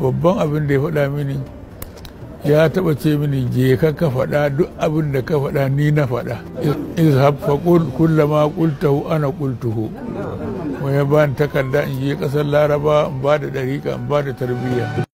babban abin da ya faɗa mini ya taɓa ce mini je ka ka faɗa duk abin da ka faɗa ni na faɗa izhab fa kullama qultahu ana qultuhu mu ya bani takarda in je ƙasar laraba in ba da ɗariƙa in ba da tarbiyya